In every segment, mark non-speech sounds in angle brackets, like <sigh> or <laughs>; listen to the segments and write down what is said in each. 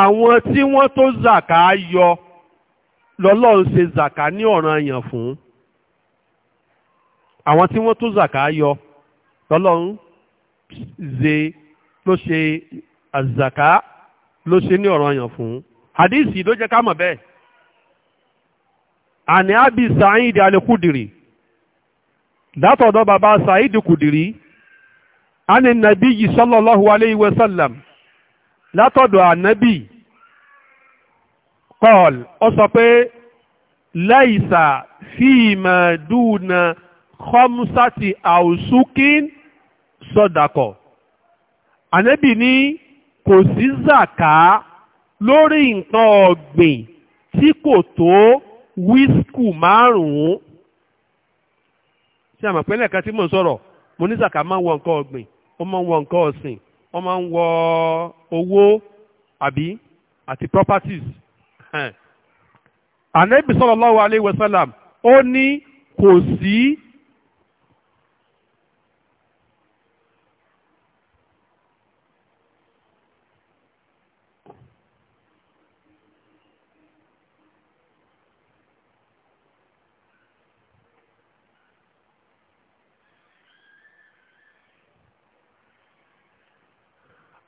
àwọn tí wọ́n tó zàká yọ lọ́lọ́run ṣe zàká ní ọ̀ranyàn fún àwọn tí wọ́n tó zàká yọ lọ́lọ́run ṣe ló ṣe àzàká ló ṣe ní ọ̀ranyàn fún hadisi ló jẹ́ ká mọ̀ bẹ́ẹ̀ àní abi sa'id al látọ̀dọ̀ bàbá sa'id kudiri àní nàbíyì sallallahu alayhi wa sallam látọ̀dọ̀ ànábì kọ́ọ̀l ó sọ pé láìsà fíìmà dùnà kọ́mùsátì àwùsùkín sọ̀dàkọ̀ ànábì ní kò sí zàká lórí nǹkan ọ̀gbìn tí kò tó wíṣkù márùn-ún ṣé àmọ̀ pé lẹ́ẹ̀kan tí mò ń sọ̀rọ̀ mo ní zàká máa ń wọ nǹkan ọ̀gbìn ó máa ń wọ nǹkan ọ̀sìn wọ́n máa ń wọ owó àbí àti properties. Ànábì sallallahu alayhi wa sallam ó ní kò sí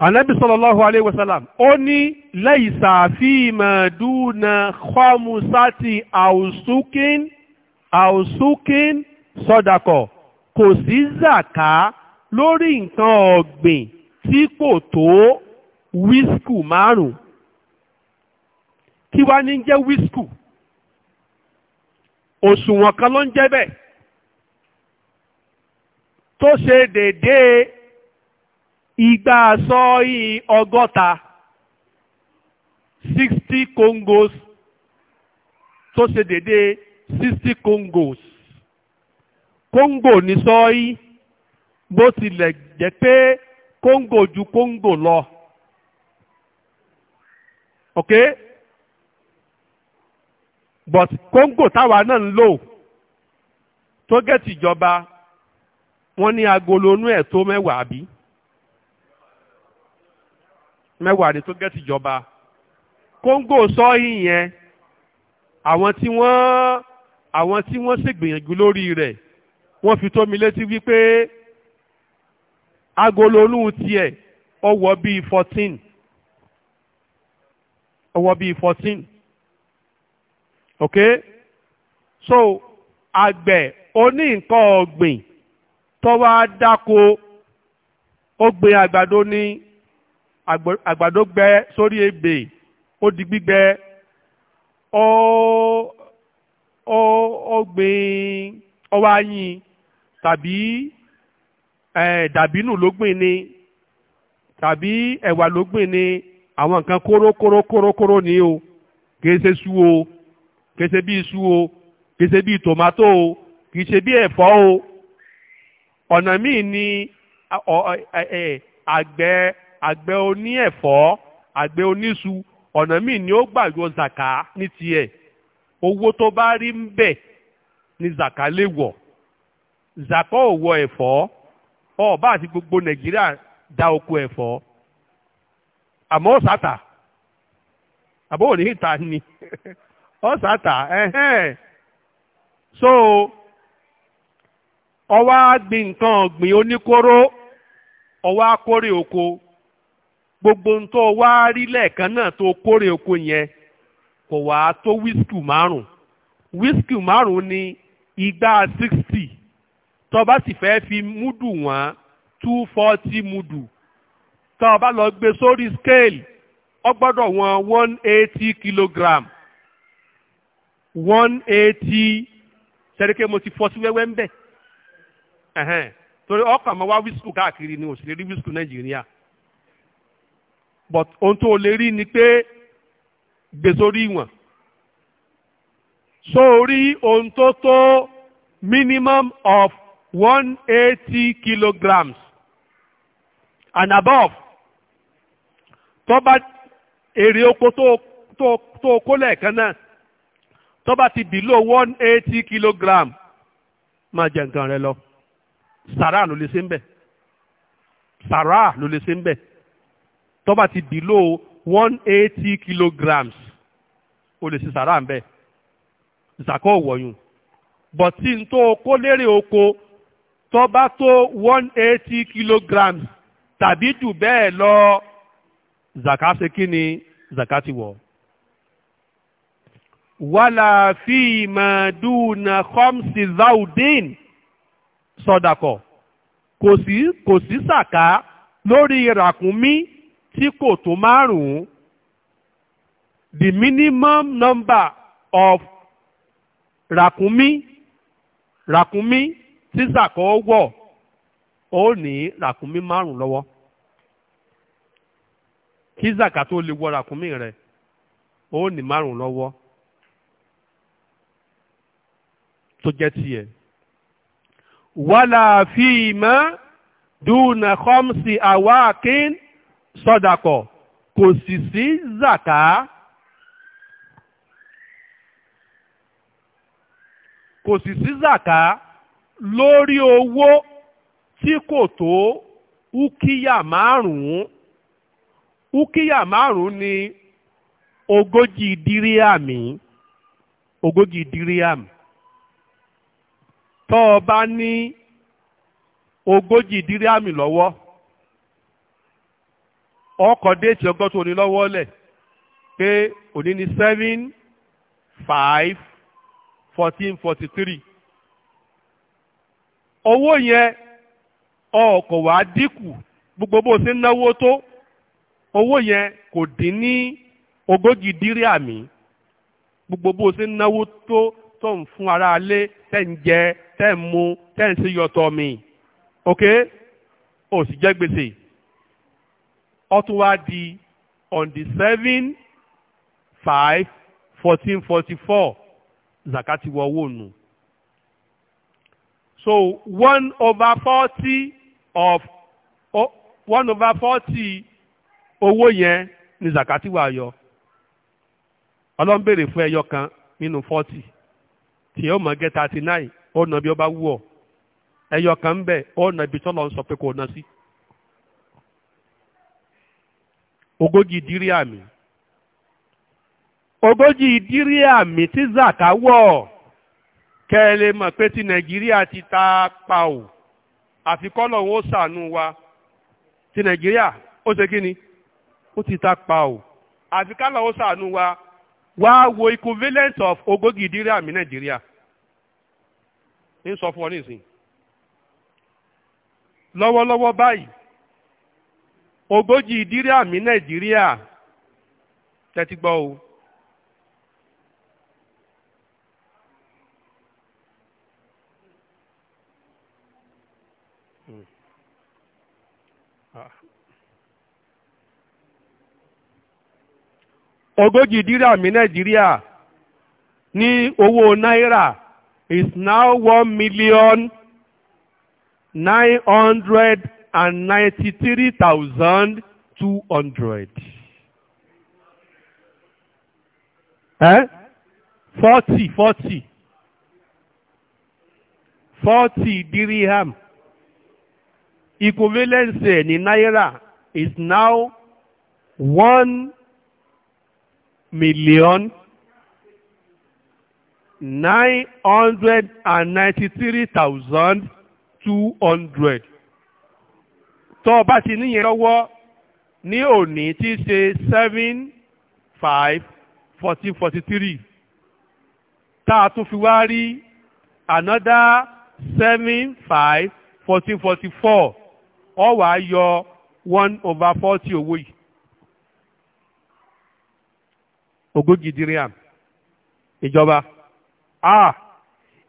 anabi sallallahu alayhi wa sallam ó ní laisa fi ma duna khamsati ausukin ausukin sọdakọ kò sí zaka lórí nǹkan ọ̀gbìn tí kò tó wíṣkù márùn kí wá ní jẹ́ wíṣkù òṣùwọ̀n kan ló ń jẹ́ bẹ́ẹ̀ tó ṣe déédéé igba sọ́ọ̀yìn ọgọ́ta sixty congos tó ṣe dédé sixty congos congo ní sọ́ọ̀yìn bó tilẹ̀ jẹ́ pé congo ju congo lọ ok but congo táwa náà ń lò tó gẹ̀ẹ́tì ìjọba wọ́n ní agolo inú ẹ̀ tó mẹ́wàá bí mẹ́wàá ni tó gẹ́tì ìjọba kóńgò sọ́ọ̀hì yẹn àwọn tí wọ́n àwọn tí wọ́n ṣègbìyànjú lórí rẹ̀ wọ́n fi tó mi létí wípé agolo olóhùn tiẹ̀ ọwọ́ bíi fourteen ọwọ́ bíi fourteen ok so àgbẹ̀ oní nǹkan ọ̀gbìn tó wá dáko ó gbin àgbàdo ní àgbàdo gbẹ sórí ebè ó di gbígbẹ ó ó ó gbìn ọwọ́ ayin tàbí dàbínù ló gbìn ni tàbí ẹ̀wà ló gbìn ni àwọn nǹkan kóró kóró kóró kóró ni o kìí ṣe su o kìí ṣe bí o kìí ṣe bí tòmátò o kìí ṣe ẹ̀fọ́ o ọ̀nà míì ni àgbẹ̀ àgbẹ̀ oní ẹ̀fọ́ àgbẹ̀ oníṣu ọ̀nà míì ni ó gbà yọ niti ní tiẹ̀ owó tó bá rí ni zàká lè wọ̀ zàká ò wọ ẹ̀fọ́ ọba àti gbogbo nàìjíríà da oko ẹ̀fọ́ àmọ́ ọ̀sàtà àbọ̀ òní ìta ni <laughs> ọ̀sàtà so ọwọ́ gbin nǹkan ọ̀gbìn oníkóró ọwọ́ kori oko gbogbo ń tó wá rí lẹ́ẹ̀kan náà tó kórè oko yẹn kò wá tó wíṣkì márùn wíṣkì márùn ní igba sixty tó bá sì fẹ́ fi múdù wọ́n two forty múdù tó bá lọ gbé sórí scale ó gbọ́dọ̀ wọ́n one eighty kilogram one eighty sẹ́ríkẹ́ mo ti fọ́ sí wẹ́wẹ́ ń bẹ̀ torí ọkọ̀ àmọ́ wá wíṣkù káàkiri ni òṣèlérí wíṣkù nàìjíríà but ohun tó o lè rí ni pé gbèsòrí wọn sórí ohun tó tó minimum of one eighty kilograms and above tó bá èrè oko tó tó tó kó lẹ́ẹ̀kan náà tó bá ti below one eighty kilogram máa jẹ nǹkan rẹ lọ sàrà ló lè ṣe ń bẹ̀ sàrà ló lè ṣe ń bẹ̀ tó ti below one eighty kilograms o lè ṣe sàrà ń ìsàkọ́ òwòyùn but tí n tó kó lérè oko tó tó one eighty kilograms tàbí jù bẹ́ẹ̀ lọ zaka ṣe kí ni zaka ti wọ̀. wàlà fi màdúnà khamsi zaudin sọdakọ kò sí kò sí sàká lórí ràkúnmí tí kò tó márùn-ún the minimum number of ràkúnmí ràkúnmí tí sàkọ́ wọ̀ ó ní ràkúnmí márùn-ún lọ́wọ́ kí zaka tó lè wọ ràkúnmí rẹ̀ ó ní márùn-ún lọ́wọ́ tó jẹ́ tiẹ̀ wàlàfíìmọ́ dùnà khamsi àwákin sọ́dàkọ̀ kò sì sí zàká kò sì sí zàká lórí owó tí kò tó úkíyà márùn-ún úkíyà márùn-ún ni ogójì díríàmì ogójì díríàmì tó o bá ní ogójì díríàmì lọ́wọ́ ọkọ̀ déètì ọgbọ́n tó ní lọ́wọ́ lẹ̀ pé òní ni seven five fourteen forty three owó yẹn ọkọ̀ wàá dínkù gbogbo bó ṣe ń náwó tó owó yẹn kò dín ní ogójì dírí àmì gbogbo bó ṣe ń náwó tó tó ń fún ara lé tẹ́ ń jẹ tẹ́ ń mu tẹ́ ń ṣe yọtọ̀ mi ok ó sì jẹ́ gbèsè. ọtụwa dị di on the seven five fourteen forty four zakati So one over forty of oh, one over forty owó yẹn ni zakati yọ. Ọlọ́run fún ẹyọ kan nínú forty tí ó mọ̀ gẹ́ thirty nine ó nà bí ó bá wù ẹyọ kan ń bẹ̀ ogójì dírí àmì ogoji dírí àmì ti zaka wọ̀ kẹ́ ẹ lè ti ti ta pa afikọlọ àfi kọ́lọ̀ anụ wa ti nàìjíríà ó ti ta wa wo equivalent of ogójì dírí àmì nàìjíríà ń sọ lọwọlọwọ ogójì ìdíríà ní nàìjíríà tẹ́tí gbọ́ o. ogójì dírà mi nàìjíríà ní owó náírà is now one million nine hundred and ninety-three thousand two hundred. Eh? forty forty forty dirham equivalence in naira is now one million nine hundred and ninety-three thousand two hundred tó o bá ti níyẹn lọ́wọ́ ní òní tí í ṣe seven five fourteen forty three tá a tún fi wá rí another seven five fourteen forty four ọ wàá yọ one over forty owó yìí ogójì diriam ìjọba Ah,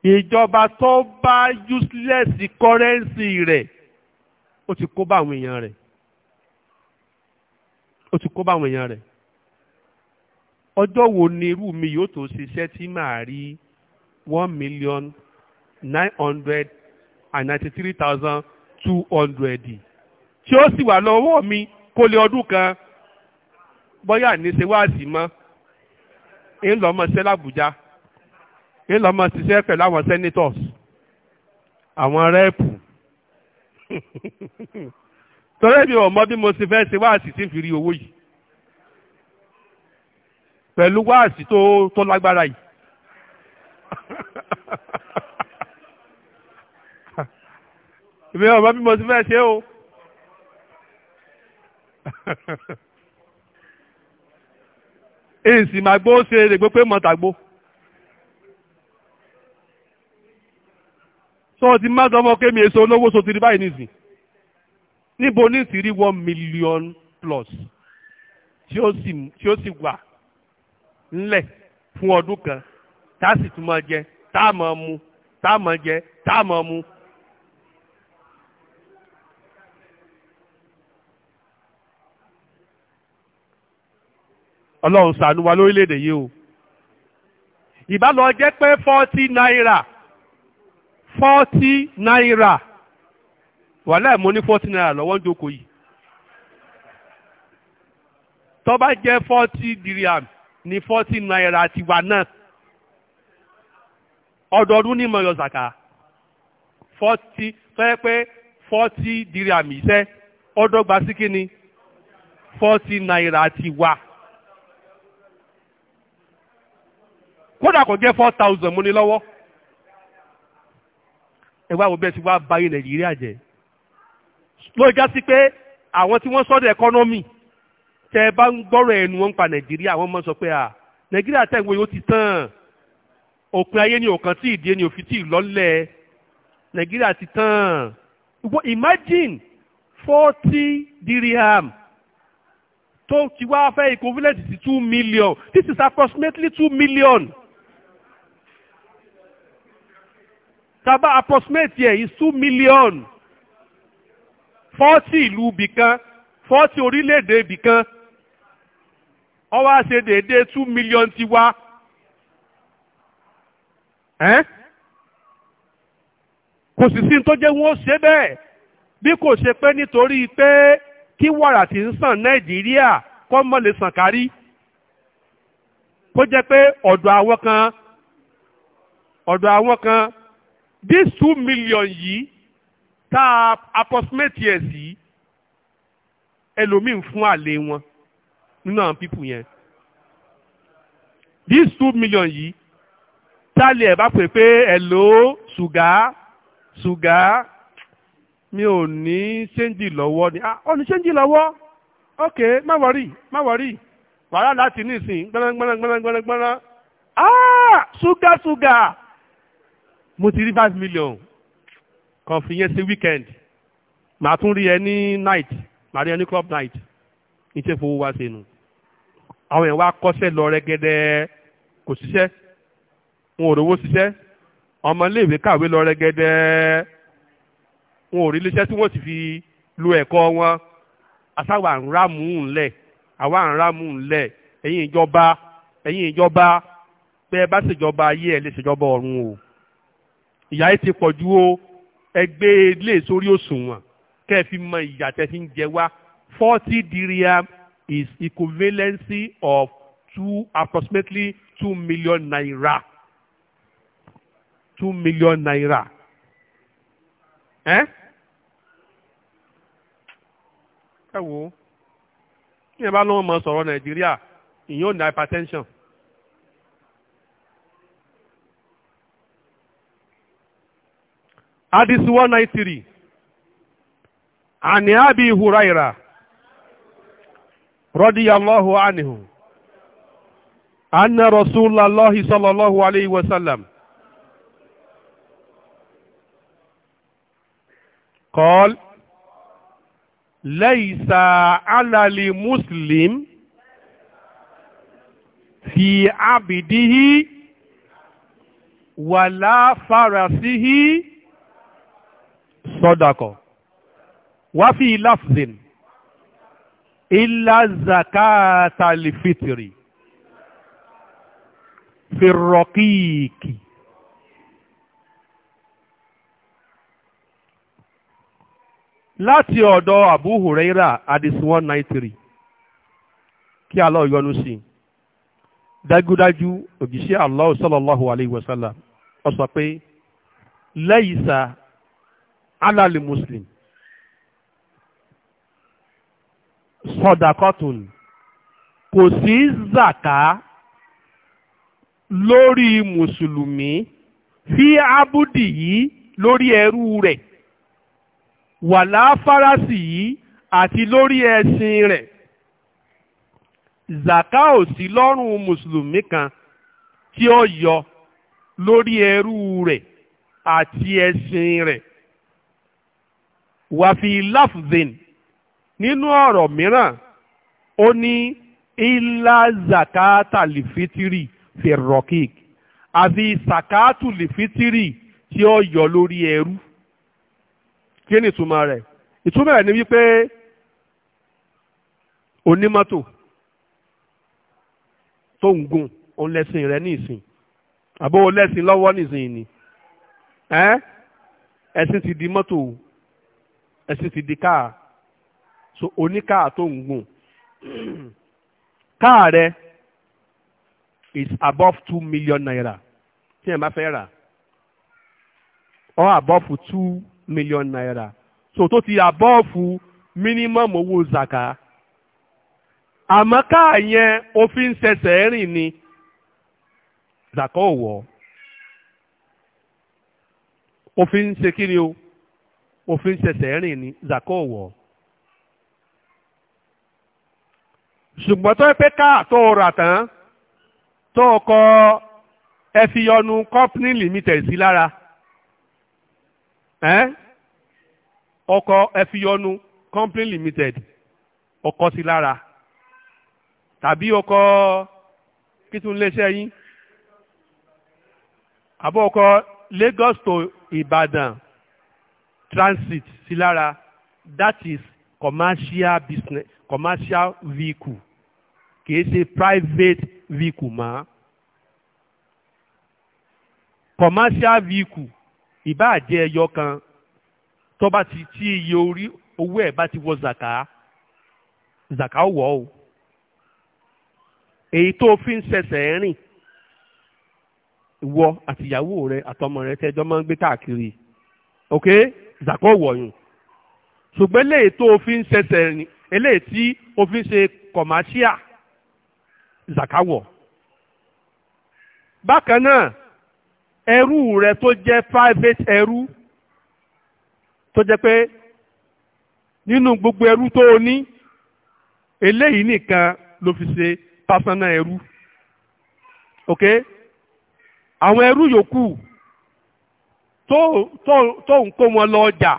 ìjọba tó bá useless currency rẹ̀ ó ti kó bá àwọn èèyàn rẹ̀ ó ti kó bá àwọn èèyàn rẹ̀ ọjọ́ wo ni irú mi yóò tó ṣiṣẹ́ tí màá rí one million nine hundred and ninety three thousand two hundred tí ó sì wà lọ́wọ́ mi kó lé ọdún kan bọ́yá ní ṣe wáàsí mọ́ ń lọ́mọ ṣẹ́ làbújá ń lọ́mọ ṣiṣẹ́ pẹ̀lú àwọn senators àwọn rẹ́ẹ̀pù <laughs> torí mi ò mọ bí mo ti fẹ́ ṣe wáàsì tí ń fi rí owó yìí pẹ̀lú wáàsì tó tó lágbára yìí <laughs> mi ò mọ bí mo ti fẹ́ ṣe o èsì <laughs> màgbó ṣe règbó pé mọ̀tàgbó. sọ ti má sọmọ kémi èso olówó so ti rí báyìí nìsín níbo ní ti rí one million plus tí ó sì tí ó sì wà ńlẹ̀ fún ọdún kan tá a sì tún máa jẹ tá a máa mu tá a máa jẹ tá a máa mu. ọlọ́run ṣàánú wa lórílẹ̀‐èdè yìí o ìbá lọ pé forty naira fọ́tí náírà Wale mo ní fọ́tí náírà lọ́wọ́ ń jókòó yìí tó bá jẹ́ diriam ní fọ́tí náírà tiwa náà ọdọọdún ní mọ̀yọ́ zaka fọ́tí fẹ́ pé fọ́tí diriam iṣẹ́ ọdọ́gba sí kí ni fọ́tí náírà tiwa. kódà kò jẹ́ four thousand mo ẹwà wo bẹ́ẹ̀ ti wá báyìí nàìjíríà jẹ́ ló já sí pé àwọn tí wọ́n sọ́dọ̀ ẹkọ́nọ́mì tẹ́ ẹ bá ń gbọ́rọ̀ ẹnu wọn pa nàìjíríà wọ́n mọ̀ sọ pé à nàìjíríà tẹ̀ ń wo yóò ti tán òpin ayé ni òkan tí ìdí ẹni òfin tí ìlọ́lẹ̀ nàìjíríà ti tán imagine forty dirham tó ti wá fẹ́ equivalent to two million this is approximately two million. tábà approximate ẹ̀ is two million forty ìlú bìkan forty orílẹ̀-èdè bìkan ó wá ṣe déédéé two million tiwa. Eh? kò sì sí tó jẹ́ wọ́n ṣe bẹ́ẹ̀ bí kò ṣe pé nítorí pé kí wàrà tí ń sàn nàìjíríà kọ́ mọ́ lè sàn kárí kó jẹ́ pé ọ̀dọ̀ àwọn kan ọ̀dọ̀ àwọn kan this two million yìí ta a approximate yẹn sí ẹlòmíín fún àlè wọn nínú àwọn pípù yẹn this two million yìí tálẹ̀ ẹ̀ bá pè pé ẹ̀lò ṣùgá ṣùgá mi ò ní ṣéǹjì lọ́wọ́ ni ah ó ní ṣéǹjì lọ́wọ́ ok má wọrí má wọrí wàhálà láti nísìn gbọ́nà gbọ́nà gbọ́nà gbọ́nà ah ṣúgà ṣúgà mo ti rí five million kàn fi yẹn ṣe weekend màá tún rí ẹ ní night màá rí ẹ ní club night ní tí èfowó wá ṣe nù àwọn èèyàn wá kọ́ṣẹ́ lọ rẹ́gẹ́dẹ́ kò ṣiṣẹ́ wọn ò rówó ṣiṣẹ́ ọmọléèwé kàwé lọ rẹ́gẹ́dẹ́ wọn ò rí iléeṣẹ́ tí wọ́n sì fi lo ẹ̀kọ́ wọn asáwà ń rámù ńlẹ̀ àwa ń rámù ńlẹ̀ ẹ̀yin ìjọba ẹ̀yin ìjọba bẹ́ẹ̀ bá ṣèjọba ayé ẹ̀ lè ṣèjọba ọ̀run o ìyà yìí ti pọ̀ o ẹgbẹ́ ilé sórí òṣùwọ̀n kẹ́ mọ ìyà tẹ́ fi ń jẹ wá forty dirham is equivalency of two approximately two million naira two million naira ẹ ẹ wo ní ẹ bá lọ́wọ́ mọ sọ̀rọ̀ nàìjíríà ìyẹn ní hypertension hadith 193 عن أبي هريرة رضي الله عنه أن رسول الله صلى الله عليه وسلم قال ليس على المسلم في عبده ولا فرسه sọ́dọ̀kọ̀ wá fi láfzin ilá zakata lifitiri fi rọ̀kíìkì láti ọ̀dọ̀ Abu Huraira hadith one nine three kí Allah yọ́nú sí i dájúdájú òjíṣẹ́ Allah sallallahu alayhi wa sallam sọ pé laysa alali muslim sọdakọtun kò sí zaka lórí mùsùlùmí fi abudi yìí lórí ẹrú rẹ̀ wàlá fárásì yìí àti lórí ẹṣin rẹ̀ zaka ò sí lọ́rùn mùsùlùmí kan tí ó yọ lórí ẹrú rẹ̀ àti ẹṣin rẹ̀ wàfi láfùzìn nínú ọ̀rọ̀ mìíràn ó ní ilá zakata lifitiri ferrokik àfi zakatu lifitiri tí ó yọ lórí ẹrú kí ni ìtumọ̀ rẹ̀ ìtumọ̀ rẹ̀ ni wípé onímọ́tò tó ń gùn òun lẹ́sìn rẹ̀ ní ìsìn àbó lẹ́sìn lọ́wọ́ ní ìsìn ni ẹ́ ẹ̀sìn ti di mọ́tò ẹ̀sìn ti di káà so oníkáà tó ń gùn káà rẹ is above two million naira tí ẹ̀ bá fẹ́ rà or above two million naira so tó ti above minimum owó zaka àmọ́ káà yẹn òfin ṣẹ̀ṣẹ̀ rìn ni zaka ò wọ̀ òfin ṣe kí ni o òfin ṣẹ̀ṣẹ̀ rìn ní zakọ́ ọ̀wọ́ ṣùgbọ́n tó pé káà tó rà tán tó kọ ẹ company limited sí lára ẹ ọkọ ẹ company limited ọkọ sí lára tàbí ọkọ kí tún léṣẹ́ yín àbọ̀ ọkọ Lagos to Ìbàdàn transit sí lára that is commercial business commercial vehicle kìí ṣe private vehicle mọ́ commercial vehicle ìbá jẹ́ ẹyọ kan tó bá ti tí iye orí owó ẹ̀ bá ti wọ zaka zaka wọ̀ o èyí tó fi ń ṣẹ̀ṣẹ̀ rìn ìwọ àtìyàwó rẹ àtọmọ rẹ tẹjọ máa ń gbé káàkiri ok zakọ́ wọ̀nyún ṣùgbọ́n eléyìí tó o fi ń ṣẹṣẹ ni eléyìí tí o fi ń ṣe kọ̀máṣíà zakawọ̀ bákan náà ẹrú rẹ tó jẹ́ private ẹrú tó jẹ́ pé nínú gbogbo ẹrú tó o ní eléyìí nìkan ló fi ṣe personal ẹrú ok àwọn ẹrú yòókù tó ń kó wọn lọ ọjà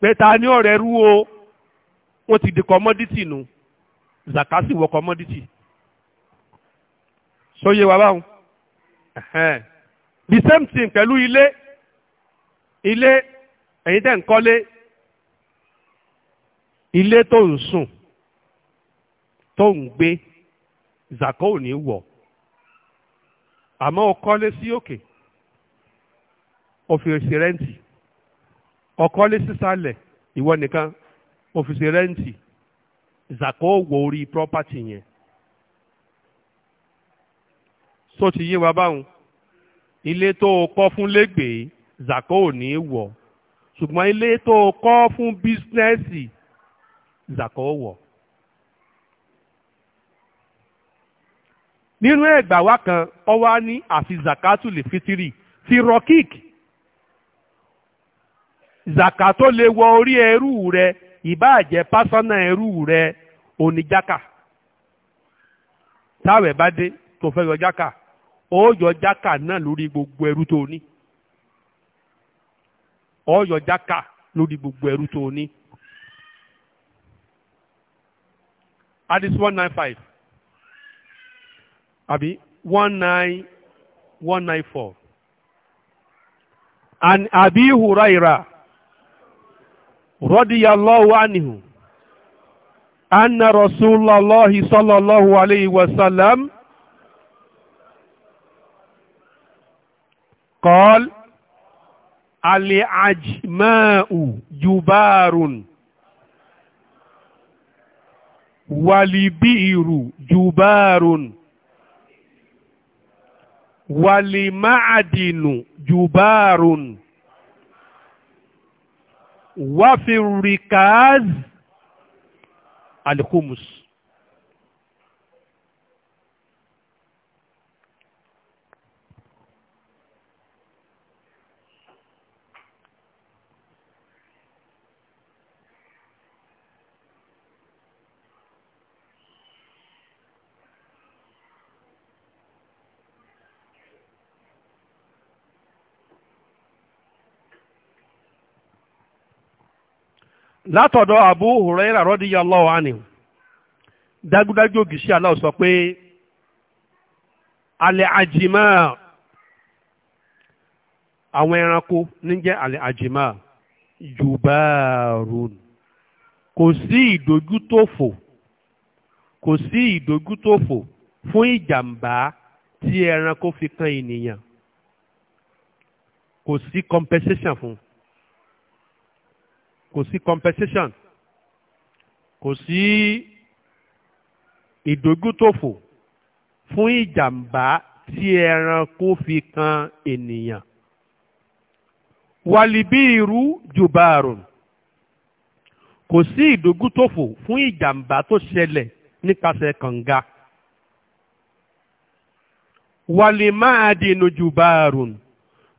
pẹ̀ta ní ọ̀rẹ́ rú o wọ́n ti di kọ́mọ́dítì nù zaka sì wọ kọ́mọ́dítì sóye wa báwọn the same thing pẹ̀lú ilé ilé ẹ̀yin tẹ̀ ń kọ́lé ilé tó ń sùn tó ń gbé zaka ò ní wọ̀ àmọ́ o sí òkè. Okay ó fi ṣe rẹ́ǹtì ọkọ́lé sísàlẹ̀ ìwọ nìkan ó fi ṣe rẹ́ǹtì orí property yẹn tó ti yé wa báwọn ilé tó o kọ́ fún lẹ́gbẹ̀ẹ́ zàkó ò ní wọ̀ ṣùgbọ́n ilé tó o kọ́ fún bísínẹ́sì zàkó wọ̀. nínú ẹ̀gbà wa kan ó wà ní àfi zakatu lè fitiri ti rọ́kíkì zaka tó lè wọ orí ẹrú rẹ ìbáà jẹ́ pásánà ẹrú rẹ oníjàkà táwẹ̀ bá dé tó fẹ́ yọ jákà ó yọ jákà náà lórí gbogbo ẹrú tó ní ó yọ jákà lórí gbogbo ẹrú tó ní. Addis one nine five abi one nine one nine four. Abi radiyallahu anhu anna rasulallahi sallallahu alayhi wa sallam قال العجماء جبار والبئر جبار والمعدن جبار wáfi rìkàáz alikumus látọ̀dọ̀ Abu Huraira radiyallahu anhu dágúdájú ògìṣẹ́ Allah sọ pé alẹ́ àjìmá àwọn ẹranko níjẹ́ alẹ́ àjìmá jùbáàrún kò sí ìdójútòfò kò sí ìdójútòfò fún ìjàmbá tí ẹranko fi kan ènìyàn kò sí compensation fún un. kò sí compensation kò sí ìdójútòfò fún ìjàmbá tí ẹranko fi kan ènìyàn walibiru jubarun kò sí ìdójútòfò fún ìjàmbá tó ṣẹlẹ̀ nípasẹ̀ kànga walimadinu jubarun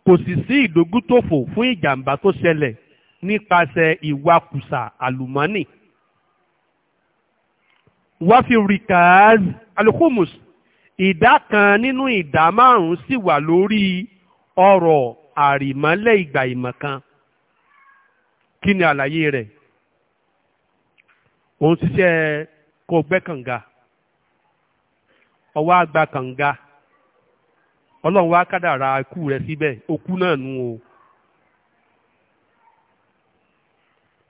kò sì sí ìdójútòfò fún ìjàmbá tó ṣẹlẹ̀ nípasẹ̀ ìwakùsà àlùmọ́nì wáfi rikaz alhumus ìdá kan nínú ìdá márùn-ún sì wà lórí ọrọ̀ àrìmọ́lẹ̀ ìgbà ìmọ̀kan kí ni àlàyé rẹ̀ òun ṣiṣẹ́ kó gbẹ́ kànga ọwọ́ àgbà kànga ọlọ́run wá kádàrá ikú rẹ̀ síbẹ̀ òkú náà nù o.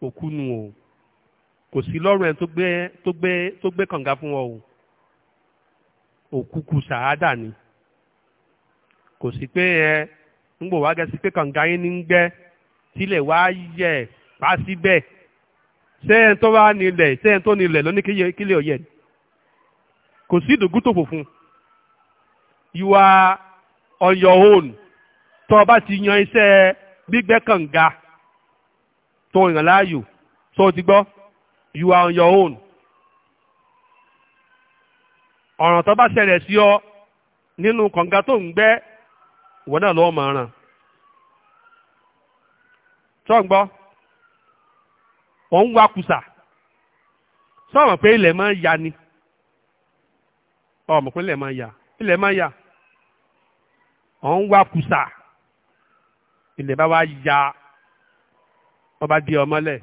òkú nu o kò sí lọ́rùn ẹ̀ tó gbé kànga fún ọ o òkú ku sàádà ni kò sí pé ẹ ń gbò wá gẹ sí pé kànga yín ní ń gbẹ tílẹ̀ wá yẹ pa síbẹ̀ sẹ́yìn tó wá nílẹ̀ sẹ́yìn tó nílẹ̀ lóní kílẹ̀ ọ̀yẹ́ kò sí ìdògútòfò fún you are on your own tó o bá ti yan iṣẹ́ gbígbẹ́ kànga tó yàn láàyò tó ti gbọ́ you are on your own ọ̀ràn tó bá ṣẹlẹ̀ sí ọ nínú kànga tó ń gbẹ́ ìwọ náà lọ́wọ́ máa ràn tó ń gbọ́ ò ń kùsà sọ̀rọ̀ pé ilẹ̀ máa ń ya ni ọmọ pé ilẹ̀ máa ń ya ilẹ̀ máa ń ya ò ń kùsà ilẹ̀ bá wá ya ọba di ọmọlẹ̀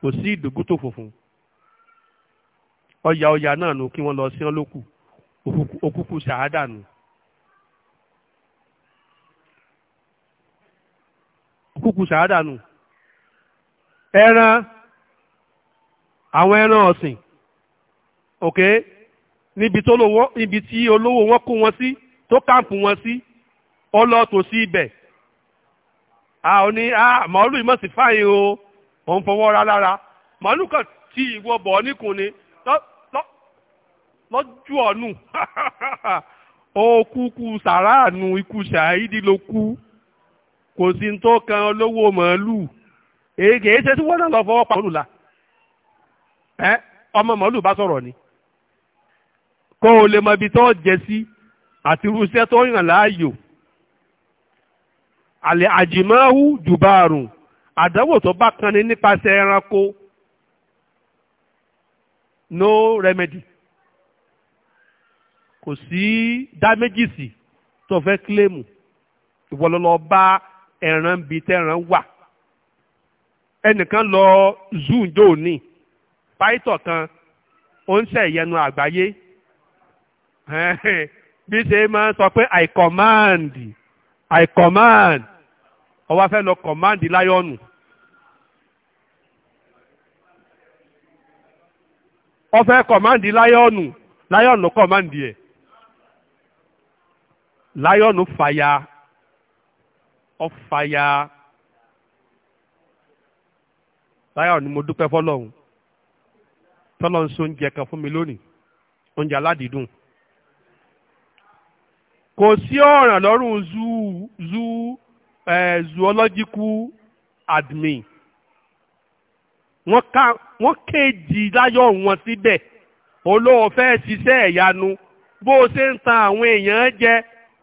kò sí ìdògútò funfun ọya ọya náà nù kí wọ́n lọ sí ọ́n lókù òkúkú ṣàádà nù. òkúkú ṣàádà nù. ẹran àwọn ẹran ọ̀sìn ok níbi tí olówó wọn kó wọn sí tó kàǹpù wọn sí ọlọ́tòsí ibẹ̀ a ò ní a màálù yìí mọ̀ sí fáyìn o òun fọwọ́ ra lára màálù kan tí ìwọ bọ̀ ọ́ níkùn ni lọ́jú ọ̀nù <laughs> ó kúkú sàráànù ikú ṣàìdí ló kú kò sí tó kan olówó màálù èké ṣe tí wọ́n náà lọ fọwọ́ pa màálù la ẹ ọmọ màálù bá sọ̀rọ̀ ni kó o lè mọ ibi tó jẹ sí àti irú iṣẹ́ tó yàn láàyò àlẹ́ àjìmọ́hù dùbàrùn àdánwò tó bá kan ní nípasẹ̀ ẹranko no remedy kò sí dáméjìsì tó fẹ́ kílèmù ìwọ ló lọ bá ẹran bíi tẹ́ran wà ẹnìkan lọ zoo ǹjọ́ òní pàìtọ̀ kan ó ń ṣe ìyẹnu àgbáyé bí ṣe máa ń sọ pé i command i command ọwọ́ afẹ́ lọ kọ̀máǹdì láyọ̀nù ọfẹ́ kọ̀máǹdì láyọ̀nù láyọ̀nù kọ̀máǹdì ẹ̀ láyọ̀nù fàyà ọ̀fàyà láyọ̀nù ni mo dúpẹ́ fọlọ́hún tọ́lọ́ ń so oúnjẹ kan fún mi lónìí oúnjẹ aládìídùn kò sí ọ̀ràn lọ́rùn zuu zuu eh, zoological admin wọ́n ká kéèjì láyọ̀ wọn síbẹ̀ olóò fẹ́ ṣiṣẹ́ ìyanu bó o ṣe ń tan àwọn èèyàn jẹ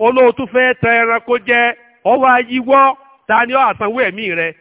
olóò tún fẹ́ tan ẹranko jẹ ọwọ́ ayíwọ́ ta ni ó ẹ̀mí